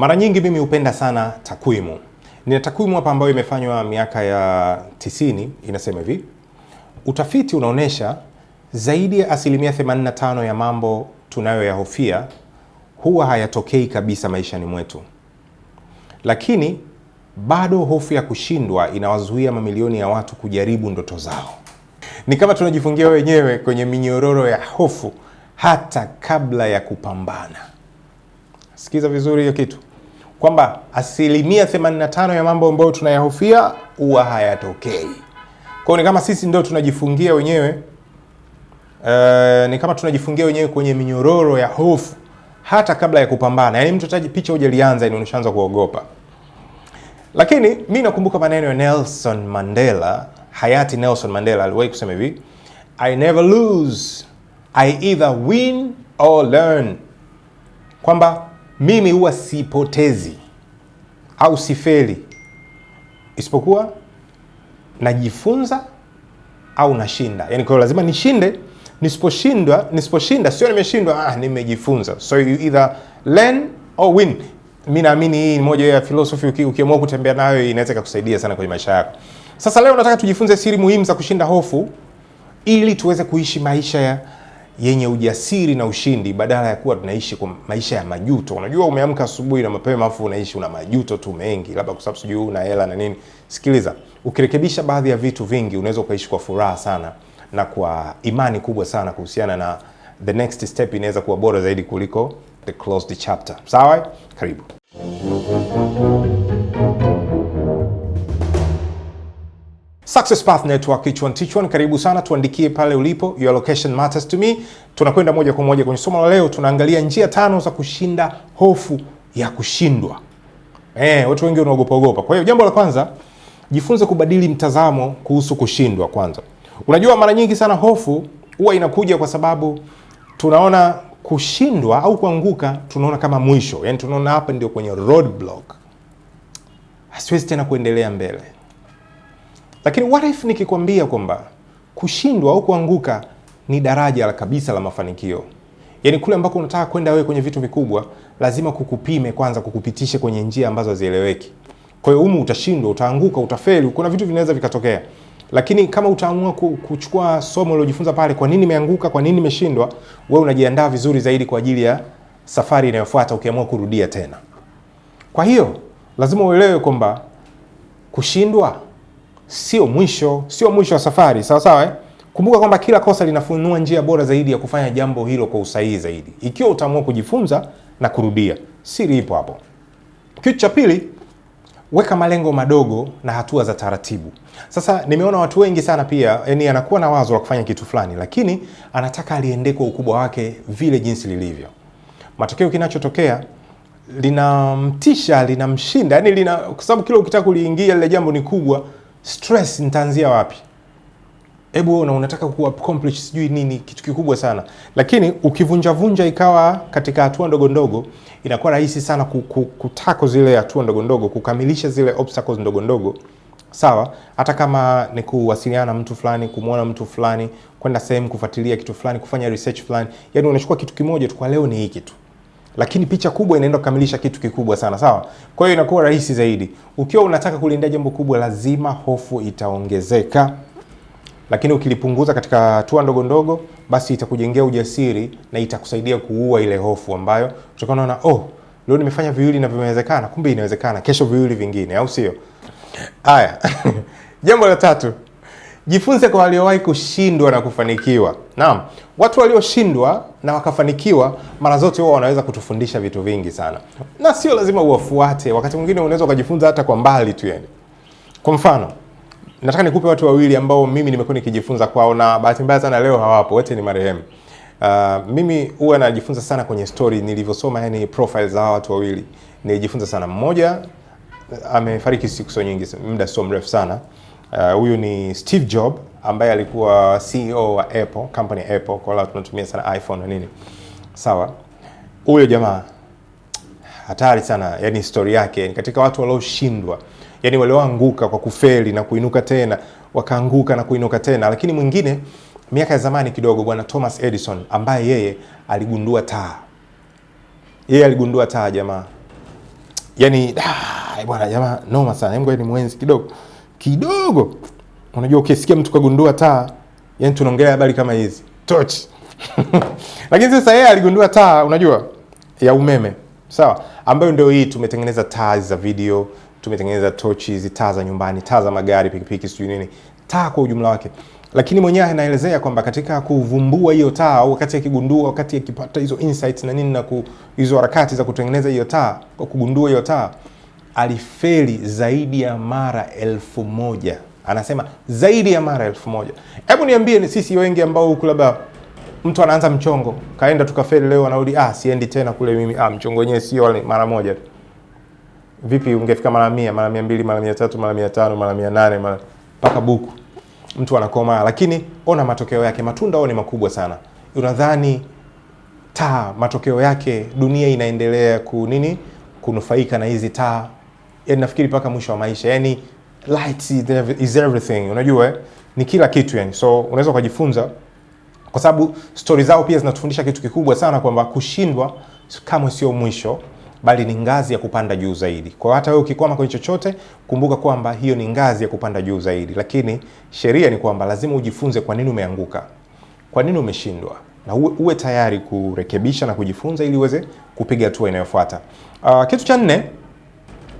Mara nyingi mimi hupenda sana takwimu. Nina takwimu hapa ambayo imefanywa miaka ya tisini, inasema hivi: utafiti unaonyesha zaidi ya asilimia 85 ya mambo tunayoyahofia huwa hayatokei kabisa maishani mwetu, lakini bado hofu ya kushindwa inawazuia mamilioni ya watu kujaribu ndoto zao. Ni kama tunajifungia wenyewe kwenye minyororo ya hofu hata kabla ya kupambana. Sikiza vizuri hiyo kitu kwamba asilimia 85 ya mambo ambayo tunayahofia huwa hayatokei. Kwa ni kama sisi ndio tunajifungia wenyewe e, ni kama tunajifungia wenyewe kwenye minyororo ya hofu hata kabla ya kupambana. Yaani mtu hataji picha hujalianza ni unashaanza kuogopa. Lakini mi nakumbuka maneno ya Nelson Mandela, hayati Nelson Mandela aliwahi kusema hivi, I never lose, I either win or learn, kwamba mimi huwa sipotezi au sifeli, isipokuwa najifunza au nashinda. Yani kwa lazima nishinde, nisiposhindwa, nisiposhinda sio nimeshindwa, ah, nimejifunza. So you either learn or win. Mimi naamini hii ni moja ya philosophy, ukiamua kutembea nayo inaweza ikakusaidia sana kwenye maisha yako. Sasa leo nataka tujifunze siri muhimu za kushinda hofu ili tuweze kuishi maisha ya yenye ujasiri na ushindi, badala ya kuwa tunaishi kwa maisha ya majuto. Unajua, umeamka asubuhi na mapema afu unaishi una majuto tu mengi, labda kwa sababu sijui una hela na nini. Sikiliza, ukirekebisha baadhi ya vitu vingi, unaweza ukaishi kwa furaha sana na kwa imani kubwa sana kuhusiana na the next step, inaweza kuwa bora zaidi kuliko the closed chapter. Sawa, karibu. Success Path Network, each one teach one. Karibu sana, tuandikie pale ulipo, your location matters to me. Tunakwenda moja kwa moja kwenye somo la leo, tunaangalia njia tano za kushinda hofu ya kushindwa. Eh, watu wengi wanaogopa ogopa. Kwa hiyo jambo la kwanza, jifunze kubadili mtazamo kuhusu kushindwa kwanza. Unajua mara nyingi sana hofu huwa inakuja kwa sababu tunaona kushindwa au kuanguka tunaona kama mwisho, yaani tunaona hapa ndio kwenye roadblock, hasiwezi tena kuendelea mbele. Lakini what if nikikwambia kwamba kushindwa au kuanguka ni daraja la kabisa la mafanikio? Yaani kule ambako unataka kwenda wewe kwenye vitu vikubwa, lazima kukupime kwanza, kukupitishe kwenye njia ambazo hazieleweki. Kwa hiyo humu utashindwa, utaanguka, utafeli, kuna vitu vinaweza vikatokea, lakini kama utaamua kuchukua somo uliojifunza pale, kwa nini nimeanguka, kwa nini nimeshindwa, wewe unajiandaa vizuri zaidi kwa ajili ya safari inayofuata, ukiamua kurudia tena. Kwa hiyo lazima uelewe kwamba kushindwa sio mwisho, sio mwisho wa safari, sawa sawa eh? Kumbuka kwamba kila kosa linafunua njia bora zaidi ya kufanya jambo hilo kwa usahihi zaidi, ikiwa utaamua kujifunza na kurudia. Siri ipo hapo. Kitu cha pili, weka malengo madogo na hatua za taratibu. Sasa nimeona watu wengi sana pia, yani anakuwa na wazo la kufanya kitu fulani, lakini anataka aliende kwa ukubwa wake vile jinsi lilivyo. Matokeo kinachotokea linamtisha, linamshinda, yani lina, kwa sababu kila ukitaka kuliingia lile jambo ni kubwa stress nitaanzia wapi? Hebu wewe unataka ku accomplish sijui nini kitu kikubwa sana, lakini ukivunjavunja ikawa katika hatua ndogo ndogo, inakuwa rahisi sana kutako zile hatua ndogo ndogo, kukamilisha zile obstacles ndogo ndogo. Sawa, hata kama ni kuwasiliana na mtu fulani, kumwona mtu fulani, kwenda sehemu, kufuatilia kitu fulani, kufanya research fulani, yaani unachukua kitu kimoja tu, kwa leo ni hiki tu lakini picha kubwa inaenda kukamilisha kitu kikubwa sana, sawa. Kwa hiyo inakuwa rahisi zaidi. Ukiwa unataka kulinda jambo kubwa, lazima hofu itaongezeka, lakini ukilipunguza katika hatua ndogo ndogo, basi itakujengea ujasiri na itakusaidia kuua ile hofu ambayo utakuwa unaona, oh, leo nimefanya viwili na vimewezekana, kumbe inawezekana kesho viwili vingine, au sio? Haya, jambo la tatu Jifunze kwa waliowahi kushindwa na kufanikiwa. Naam, watu walioshindwa na wakafanikiwa mara zote huwa wanaweza kutufundisha vitu vingi sana, na sio lazima uwafuate. Wakati mwingine unaweza ukajifunza hata kwa mbali tu, yani. Kwa mfano, nataka nikupe watu wawili ambao mimi nimekuwa nikijifunza kwao na bahati mbaya sana leo hawapo, wote ni marehemu. Uh, mimi huwa najifunza sana kwenye story nilivyosoma, yani profile za watu wawili nilijifunza sana. Mmoja amefariki siku so nyingi, muda sio mrefu sana Uh, huyu uh, ni Steve Job ambaye alikuwa CEO wa Apple, company Apple, kwa hiyo tunatumia sana iPhone na nini. Sawa. Huyo jamaa hatari sana, yani historia yake ni katika watu walioshindwa, yani walioanguka kwa kufeli na kuinuka tena, wakaanguka na kuinuka tena. Lakini mwingine miaka ya zamani kidogo, bwana Thomas Edison ambaye yeye aligundua taa, yeye aligundua taa jamaa, yani ah, bwana jamaa noma sana, hebu ni mwenzi kidogo kidogo, unajua ukisikia mtu kagundua taa, yani tunaongelea habari kama hizi torch lakini sasa yeye aligundua taa, unajua ya umeme, sawa, ambayo ndio hii tumetengeneza taa za video, tumetengeneza torch hizi, taa za nyumbani, taa za magari, pikipiki, sijui nini, taa kwa ujumla wake. Lakini mwenyewe anaelezea kwamba katika kuvumbua hiyo taa au wakati akigundua, wakati akipata hizo insights na nini na hizo harakati za kutengeneza hiyo taa, kugundua hiyo taa alifeli zaidi ya mara elfu moja. Anasema zaidi ya mara elfu moja. Hebu niambie, ni sisi wengi ambao huku labda mtu anaanza mchongo, kaenda tukafeli, leo anarudi, ah, siendi tena kule mimi, ah, mchongo wenyewe sio mara moja. Vipi ungefika mara mia, mara mia mbili, mara mia tatu, mara mia tano, mara mia nane, mara mpaka buku mtu anakomaa. Lakini ona matokeo yake, matunda ao ni makubwa sana. Unadhani taa, matokeo yake dunia inaendelea ku nini kunufaika na hizi taa yani nafikiri mpaka mwisho wa maisha yani light is everything unajua eh? ni kila kitu yani so unaweza ukajifunza kwa sababu stori zao pia zinatufundisha kitu kikubwa sana kwamba kushindwa kamwe sio mwisho bali ni ngazi ya kupanda juu zaidi kwa hata wewe ukikwama kwenye chochote kumbuka kwamba hiyo ni ngazi ya kupanda juu zaidi lakini sheria ni kwamba lazima ujifunze kwa nini umeanguka kwa nini umeshindwa na uwe, uwe tayari kurekebisha na kujifunza ili uweze kupiga hatua inayofuata uh, kitu cha nne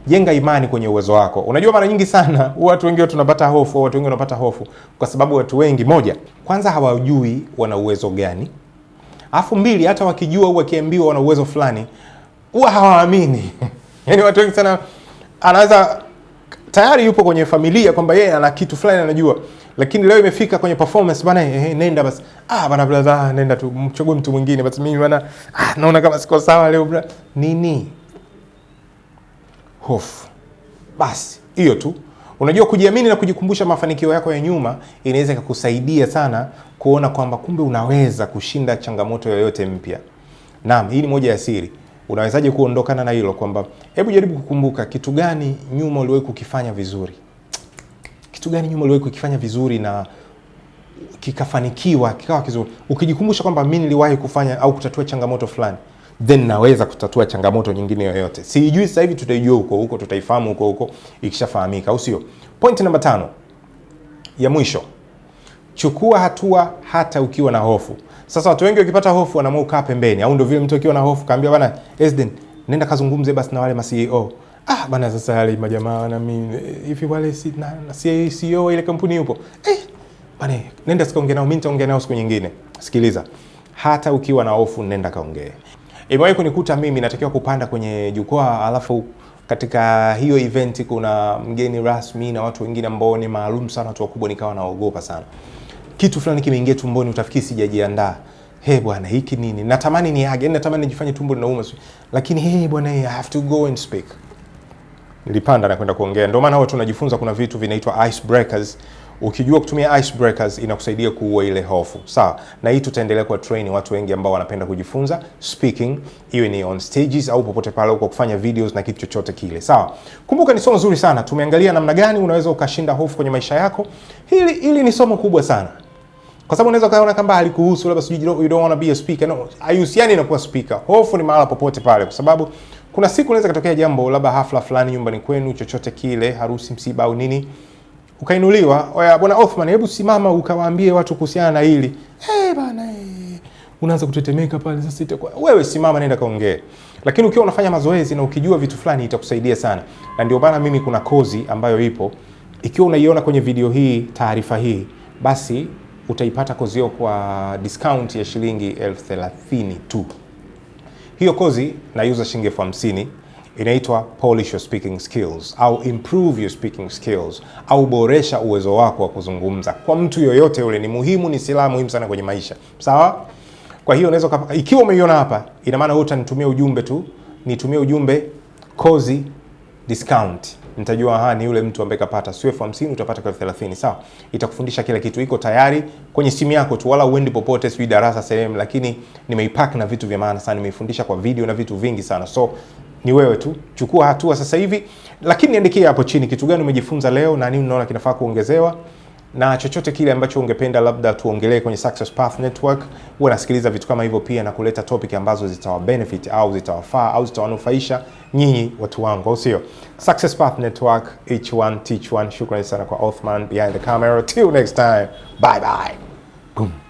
jenga imani kwenye uwezo wako. Unajua, mara nyingi sana watu wengi tunapata hofu, watu wengi wanapata hofu kwa sababu watu wengi, moja, kwanza hawajui wana uwezo gani, alafu mbili, hata wakijua au wakiambiwa wana uwezo fulani huwa hawaamini yaani watu wengi sana, anaweza tayari yupo kwenye familia kwamba yeye ana kitu fulani anajua, lakini leo imefika kwenye performance bana, eh, eh, nenda basi, ah bana brother, nenda tu mchague mtu mwingine basi, mimi bana, ah, naona kama siko sawa leo bra nini hofu. Basi hiyo tu. Unajua, kujiamini na kujikumbusha mafanikio yako ya nyuma inaweza ikakusaidia sana kuona kwamba kumbe unaweza kushinda changamoto yoyote mpya. Naam, hii ni moja ya siri. Unawezaje kuondokana na hilo? Kwamba hebu jaribu kukumbuka kitu gani nyuma uliwahi kukifanya vizuri, kitu gani nyuma uliwahi kukifanya vizuri na kikafanikiwa kikawa kizuri. Ukijikumbusha kwamba mi niliwahi kufanya au kutatua changamoto fulani then naweza kutatua changamoto nyingine yoyote. Sijui sasa hivi, tutaijua huko huko, tutaifahamu huko huko ikishafahamika, au sio? Point namba tano ya mwisho, chukua hatua hata ukiwa na hofu. Sasa watu wengi wakipata hofu wanaamua kukaa pembeni, au ndio vile mtu akiwa na hofu kaambia bana Esden, nenda kazungumze basi na wale ma CEO. Ah bana, sasa wale majamaa na mimi hivi wale si na, na CEO e ile kampuni yupo eh bana, nenda sikaongea nao, mimi nitaongea nao siku nyingine. Sikiliza, hata ukiwa na hofu nenda kaongee. Imewahi kunikuta mimi natakiwa kupanda kwenye jukwaa, alafu katika hiyo event kuna mgeni rasmi na watu wengine ambao ni maalum sana, watu wakubwa, nikawa naogopa sana. Kitu fulani kimeingia tumboni, utafikiri sijajiandaa. He bwana, hiki nini? Natamani ni age, natamani nijifanye tumbo linauma, lakini he bwana, I have to go and speak. Nilipanda na kwenda kuongea. Ndio maana huwa tunajifunza, kuna vitu vinaitwa icebreakers Ukijua kutumia icebreakers inakusaidia kuua ile hofu, sawa. Na hii tutaendelea kwa train watu wengi ambao wanapenda kujifunza speaking, iwe ni on stages au popote pale uko kufanya videos na kitu chochote kile, sawa. Kumbuka ni somo zuri sana, tumeangalia namna gani unaweza ukashinda hofu kwenye maisha yako. Hili hili ni somo kubwa sana kwa sababu unaweza ukaona kama halikuhusu, labda sijui you don't want to be a speaker. No, haihusiani na kuwa speaker. Hofu ni mahala popote pale, kwa sababu kuna siku unaweza katokea jambo, labda hafla fulani nyumbani kwenu, chochote kile, harusi, msiba au nini ukainuliwa, oya bwana Othman, hebu simama ukawaambie watu kuhusiana na hili hey, eh, bana hey. Eh. Unaanza kutetemeka pale, sasa itakuwa wewe, simama nenda kaongee. Lakini ukiwa unafanya mazoezi na ukijua vitu fulani itakusaidia sana, na ndio maana mimi kuna kozi ambayo ipo, ikiwa unaiona kwenye video hii taarifa hii, basi utaipata kozi hiyo kwa discount ya shilingi elfu thelathini tu. Hiyo kozi naiuza shilingi elfu hamsini inaitwa polish your speaking skills au improve your speaking skills au boresha uwezo wako wa kuzungumza. Kwa mtu yoyote yule ni muhimu, ni silaha muhimu sana kwenye maisha, sawa? Kwa hiyo unaweza, ikiwa umeiona hapa, ina maana wewe utanitumia ujumbe tu, nitumie ujumbe kozi discount nitajua ha ni yule mtu ambaye kapata, sio elfu hamsini utapata kwa elfu thelathini sawa. Itakufundisha kila kitu, iko tayari kwenye simu yako tu, wala uendi popote, sijui darasa sehemu, lakini nimeipack na vitu vya maana sana. Nimeifundisha kwa video na vitu vingi sana, so ni wewe tu, chukua hatua sasa hivi, lakini niandikie hapo chini kitu gani umejifunza leo na nini unaona kinafaa kuongezewa na chochote kile ambacho ungependa labda tuongelee kwenye Success Path Network. Huwa nasikiliza vitu kama hivyo pia na kuleta topic ambazo zitawabenefit au zitawafaa au zitawanufaisha nyinyi watu wangu, au sio? Success Path Network, each one teach one. Shukrani sana kwa Othman behind the camera. Till next time, bye bye. Boom.